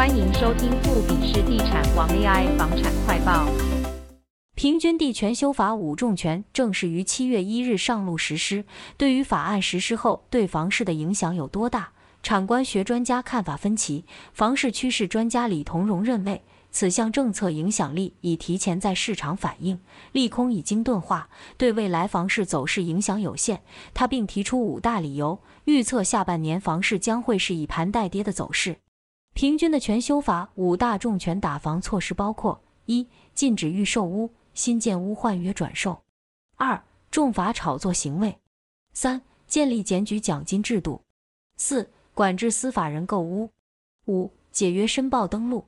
歡迎收聽富比士地產王 AI 房產快報。平均地權修法五重拳正式於七月一日上路實施，對於法案實施後對房市的影響有多大？產官學專家看法分歧。房市趨勢專家李同榮認為，此項政策影響力已提前在市場反映，利空已經鈍化，對未來房市走勢影響有限。他並提出五大理由，預測下半年房市將會是以盤代跌的走勢。平均地權修法五大重拳打房措施包括：一、禁止預售屋、新建屋換約轉售；二、重罰炒作行為；三、建立檢舉獎金制度；四、管制私法人購屋；五、解約申報登錄。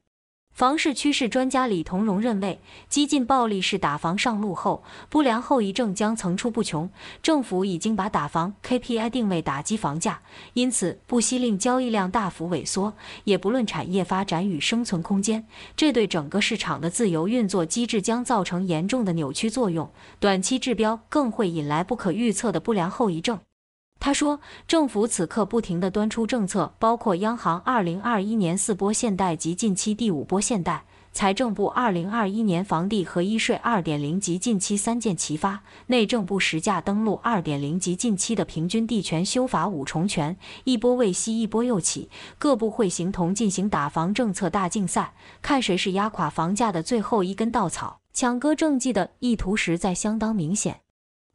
房市趨勢專家李同榮認為，激進暴力式打房上路後，不良後遺症將層出不窮。政府已經把打房 KPI 定位打擊房價，因此不惜令交易量大幅萎縮，也不論產業發展與生存空間。這對整個市場的自由運作機制將造成嚴重的扭曲作用，短期治標更會引來不可預測的不良後遺症。他說：“政府此刻不停地端出政策，包括央行2021年四波限貸及近期第五波限貸，財政部2021年房地合一稅2.0及近期三箭齊發，內政部實價登錄2.0及近期的平均地權修法五重拳，一波未息，一波又起，各部會形同進行打房政策大競賽，看誰是壓垮房價的最後一根稻草，搶割政績的意圖實在相當明顯。”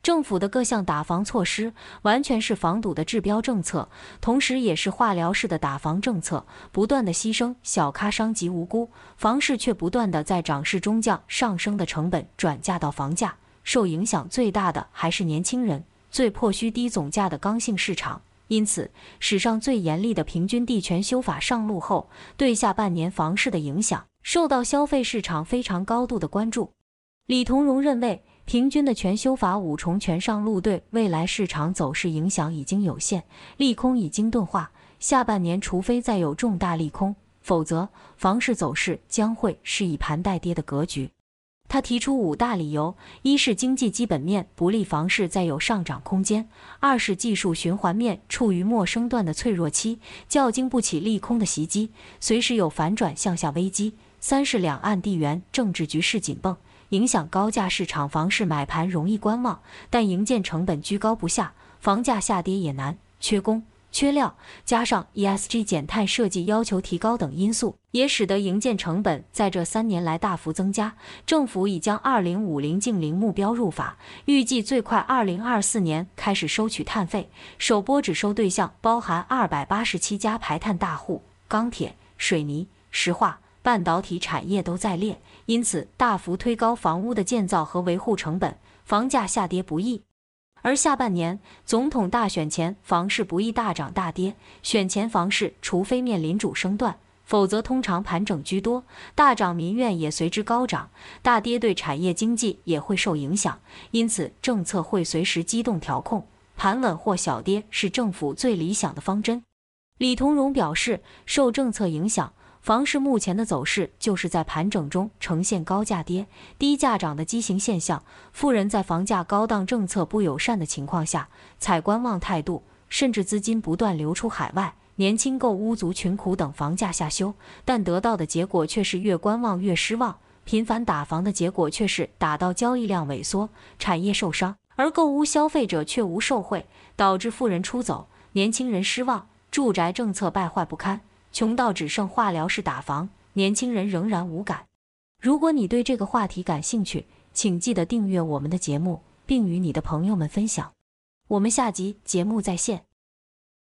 政府的各項打房措施完全是防堵的治標政策，同時也是化療式的打房政策，不斷的犧牲小咖商及無辜，房市卻不斷的在漲勢中將上升的成本轉嫁到房價，受影響最大的還是年輕人，最迫需低總價的剛性市場。因此，史上最嚴厲的平均地權修法上路後，對下半年房市的影響受到消費市場非常高度的關注。李同榮認為。平均地權修法五重拳上路，對未來市場走勢影響已經有限，利空已經鈍化。下半年除非再有重大利空，否則房市走勢將會是以盤代跌的格局。他提出五大理由：一是經濟基本面不利，房市再有上漲空間；二是技術循環面處於末升段的脆弱期，較經不起利空的襲擊，隨時有反轉向下危機；三是兩岸地緣政治局勢緊繃。影響高價市場，房市買盤容易觀望，但營建成本居高不下，房價下跌也難。缺工、缺料，加上 ESG 減碳設計要求提高等因素，也使得營建成本在這三年來大幅增加。政府已將2050淨零目標入法，預計最快2024年開始收取碳費。首波只收對象包含287家排碳大戶，鋼鐵、水泥、石化、半導體產業都在列，因此大幅推高房屋的建造和維護成本，房價下跌不易。而下半年總統大選前，房市不易大漲大跌。選前房市，除非面臨主升段，否則通常盤整居多。大漲民怨也隨之高漲，大跌對產業經濟也會受影響，因此政策會隨時機動調控，盤穩或小跌是政府最理想的方針。李同榮表示，受政策影響。房市目前的走勢，就是在盤整中呈現高價跌、低價漲的畸形現象。富人在房價高檔、政策不友善的情況下，採觀望態度，甚至資金不斷流出海外。年輕購屋族群苦等房價下修，但得到的結果卻是越觀望越失望。頻繁打房的結果卻是打到交易量萎縮，產業受傷，而購屋消費者卻無受惠，導致富人出走，年輕人失望，住宅政策敗壞不堪。窮到只剩化療式打房，年輕人仍然無感。如果你對這個話題感興趣，請記得訂閱我們的節目，並與你的朋友們分享。我們下集節目再見。